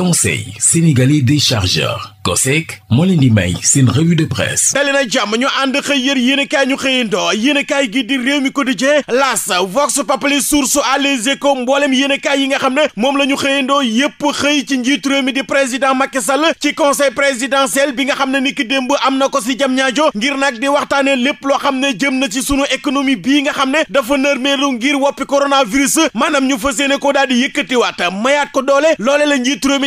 conseil sénégalais des chargeurs COSEC moo leen di may seen revue de presse dali na jàmm ñu ànd xëy yër yéen i kaay ñu xëyandoo yéen i kaay di réew mi quotidien las vox populi source à les échos mbooleem yéen i kaay yi nga xam ne moom la ñu xëyandoo yépp xëy ci njiitu réew mi di président ma Sall ci conseil présidentiel bi nga xam ne ni ki démb am na ko si jam ñaajo ngir nag di waxtaane lépp loo xam ne jëm na ci sunu économie bii nga xam ne dafa nërmeelu ngir ñu fas yéene ko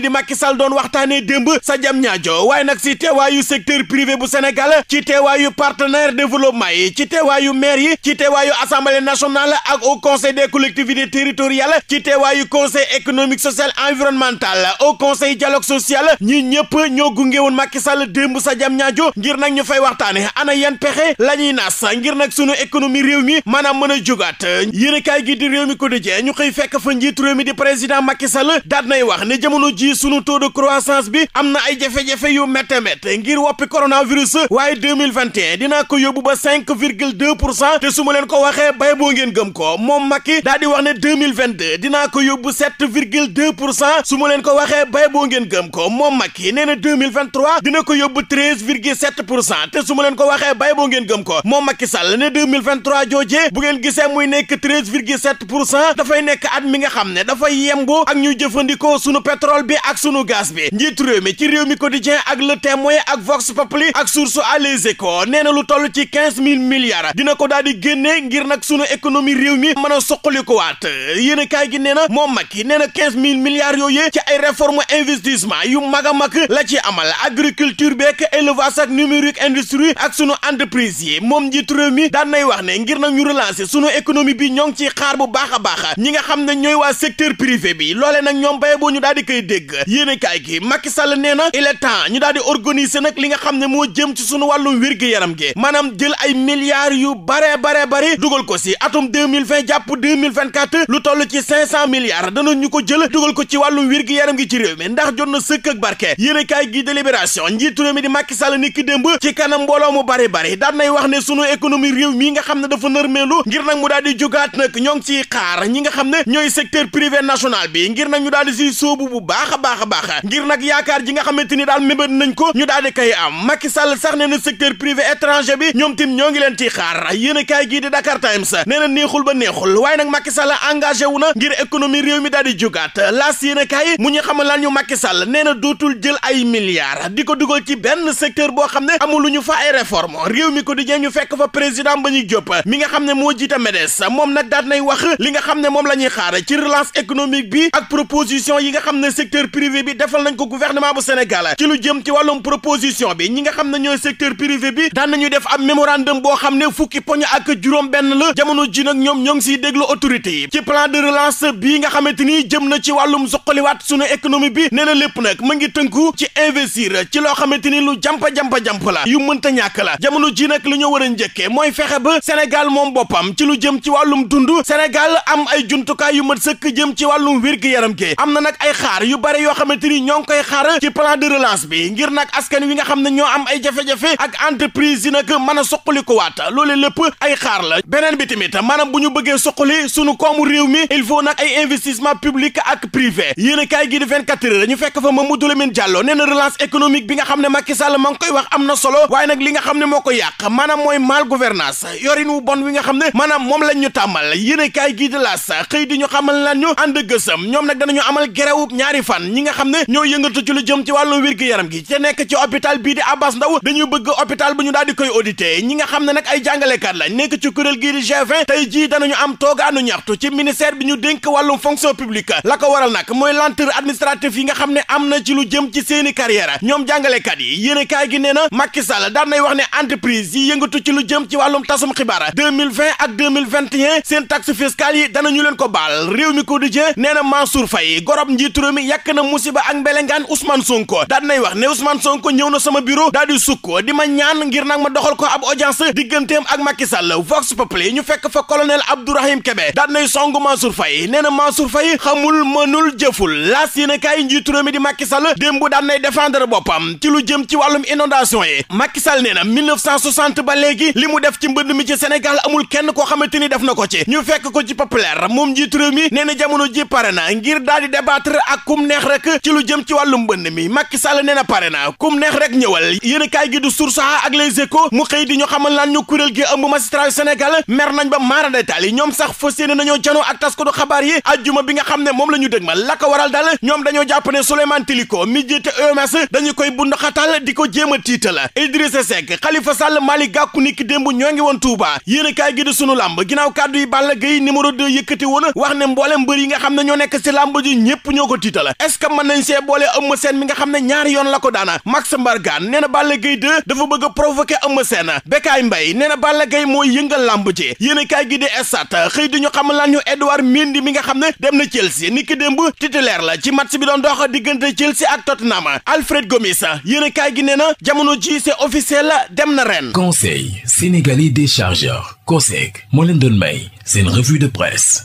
di Macky Sall doon waxtaanee démb sa jam ñaajo waaye nag si teewaayu secteur privé bu Sénégal ci teewaayu partenaire développement yi ci teewaayu maire yi ci teewaayu assemblée nationale ak o conseil des collectivités territoriales ci teewaayu conseil économique social environnemental au conseil dialogue social ñi ñëpp ñoo gungewoon Macky Sall démb sa jam ñaajo ngir nag ñu fay waxtaane ana yan pexe la ñuy nas ngir nag sunu économie réew mi maanaam mën a jógaat yéen a kaay gi di réew mi ko dëjee ñu xëy fekk fa njiitu mi di président Macky Sall daat nay wax ne jamono ji sunu taux de croissance bi am na ay jafe-jafe yu métte métte ngir woppi coronavirus waaye 2021 dinaa ko yóbbu ba 5 virgule 2 pour cent te su ma leen ko waxee bay boo ngeen gëm ko moom Macky daa di wax ne 2022 dinaa ko yóbbu 7 virgule 2 pour cent su ma leen ko waxee bay boo ngeen gëm ko moom Macky nee na 2023 dina ko yóbbu 13 virgule 7 pur cent te su ma leen ko waxee bay boo ngeen gëm ko moom Macky Sall ne 2023 joojee bu ngeen gisee muy nekk 13 virgule 7 pour cent dafay nekk at mi nga xam ne dafay yemb ak ñu jëfandikoo sunu pétrole bi bi ak sunu gaz bi njiitu mi ci réew mi quotidien ak le témoin ak vox populi ak source à ko échos nee na lu toll ci quinze mille milliards dina ko daal di génne ngir nag sunu économie réew mi mën a soqali ko waat yéen a gi nee na moom Macky nee na quinze mille milliards yooyu ci ay réforme investissement yu mag a mag la ci amal agriculture beek élevage ak numérique industrie ak sunu entreprise yi moom njiitu réew mi daan nay wax ne ngir nag ñu relancer sunu économie bi ñoo ngi ciy xaar bu baax a ñi nga xam ne ñooy waa secteur privé bi loole nag ñoom béye boo ñu daal di koy dégg dégg yéene kaay gi Macky Sall nee na il temps ñu daal di organiser nag li nga xam ne moo jëm ci sunu wàllum wér-gu-yaram gi maanaam jël ay milliards yu bare bare bare dugal ko si atum 2020 jàpp 2024 lu toll ci 500 milliards dana ñu ko jël dugal ko ci wàllum wér-gu-yaram gi ci réew mi ndax jot na sëkk ak barke yéene kaay gi délibération njiitu réew mi di Macky Sall ni ki démb ci kanam mbooloo mu bare bare daan nay wax ne sunu économie réew mi nga xam ne dafa nërmeelu ngir nag mu daal di jógaat nag ñoo ngi ciy xaar ñi nga xam ne ñooy secteur privé national bi ngir nag ñu daal di siy sóobu bu baax baax a baax ngir nag yaakaar ji nga xamante ni daal mébét nañ ko ñu daal di koy am Macky Sall sax nee na secteur privé étranger bi ñoom tim ñoo ngi leen ti xaar yéen a kaay gii di Dakar Times nee na neexul ba neexul waaye nag Macky Sall engagé wu na ngir économie réew mi daal di jógaat laas yéen a kaay mu ñu xamal lan ñu Macky Sall nee na dootul jël ay milliards di ko dugal ci benn secteur boo xam ne amul lu ñu fa ay réforme réew mi ko di ñu fekk fa président ba ñu jóp mi nga xam ne moo jiite MEDES moom nag daal nay wax li nga xam ne moom la ñuy xaar ci relance économique bi ak proposition yi nga xam ne secteur secteur privé bi defal nañ ko gouvernement bu Sénégal ci lu jëm ci wàllum proposition bi ñi nga xam ne ñooy secteur privé bi daan nañu def am mémorandum boo xam ne fukki poñ ak juróom benn la jamono ji nag ñoom ñoo ngi siy déglu autorité yi ci plan de relance bii nga xamante ni jëm na ci wàllum suqaliwaat sunu économie bi nee na lépp nag mu ngi tënku ci investir ci loo xamante ni lu jampa-jampa-jamp la yu mënta ñàkk la jamono ji nag lu ñu war a njëkkee mooy fexe ba Sénégal moom boppam ci lu jëm ci wàllum dund Sénégal am ay jumtukaay yu mat sëkk jëm ci wàllum wér yaram gi am na nag ay xaar yu bari milliards yoo xamante ni ñoo ngi koy xaar ci plan de bi ngir nag askan wi nga xam ne ñoo am ay jafe-jafe ak entreprise yi nag mën a soqali ko waat loolee lépp ay xaar la beneen bi tamit maanaam bu ñu bëggee soqali sunu koomu réew mi il faut nag ay investissement public ak privé yéen a kaay gi di 24 heures dañu fekk fa Mamadou Lamine Diallo nee na relance économique bi nga xam ne ma Sall ma ngi koy wax am na solo waaye nag li nga xam ne moo ko yàq maanaam mooy mal gouvernance yorin bon wi nga xam ne maanaam moom lañ ñu tàmmal yéen a kaay gi di laas xëy di ñu xamal lan ñu ànd gësam ñoom nag danañu amal gerewu ñaari fan ñi nga xam ne ñoo yëngatu ci lu jëm ci wàllu wér yaram gi te nekk ci hôpital bii di Abass Ndao dañu bëgg opital bu ñu daal di koy audité ñi nga xam ne nag ay jàngalekat lañ nekk ci kuréel gii di G20 tey jii danañu am toogaanu ñaxtu ci ministère bi ñu dénk wàllum fonction publique la ko waral nag mooy lenteur administrative yi nga xam ne am na ci lu jëm ci seeni carrière ñoom jàngalekat yi yéene kaay gi nee na Macky Sall daan nay wax ne entreprise yi yëngatu ci lu jëm ci wàllum tasum xibaar 2020 ak 2021 seen taxe fiscale yi danañu leen ko baal réew mi quotidien nee na Mansour Faye gorob njiitu réew mi yàkk na musiba ak mbelengaan Ousmane Sonko daal nay wax ne Ousmane Sonko ñëw na sama bureau daal di sukk di ma ñaan ngir nag ma doxal ko ab audience digganteem ak Macky Sall Vox Populi ñu fekk fa colonel Abdourahim Kébé daal nay song Mansour Faye nee na Mansour Faye xamul mënul jëful laas yéen a kaay mi di Macky Sall démb daal nay défendre boppam ci lu jëm ci wàllum inondation yi Macky Sall nee na 1960 ba léegi li mu def ci mbënd mi ci Sénégal amul kenn koo xamante ni def na ko ci ñu fekk ko ci populaire moom njiitu réew na jamono ji pare na ngir daal di débattre ak kum neex neex rek ci lu jëm ci wàllum bënn mi Macky Sall nee na pare na kum neex rek ñëwal yéen kaay gi du Source A ak Les Échos mu xëy di ñu xamal nan ñu kuréel gi ëmb magistrat yu Sénégal mer nañ ba maara détail yi ñoom sax fas yéene nañoo janoo ak ko du xabaar yi ajjuma bi nga xam ne moom la ñu ma la ko waral daal ñoom dañoo jàpp ne Souleymane Teliko mi jiite EMS dañu koy bund xatal di ko jéem a tiital Idrissa Seck Khalifa Sall Malick Gakou ni ki démb ñoo ngi woon Touba yéen kaay gi di sunu làmb kàddu yi Balla Gaye numéro 2 yëkkati woon wax ne mboolem mbër yi nga xam ne ñoo nekk ci làmb ji ñépp ko tiital est-ce que mën nañ see boole Eumeu mi nga xam ne ñaari yoon la ko daana Max Mbargane nee na Balla Gaye 2 dafa bëgg a provoquer Eumeu Sène Bécaye Mbaye nee na Balla Gaye mooy yëngal làmb ji yéen kaay gi di Stades xëy di ñu xamal lan ñu Edouard Mendy mi nga xam ne dem na Chelsea niki démb titulaire la ci match bi doon dox diggante Chelsea ak Tottenham Alfred Gomis yéen kaay gi nee na jamono ji c'est officiel dem na ren. Conseil sénégalais des chargeurs COSEC moo leen doon may seen revue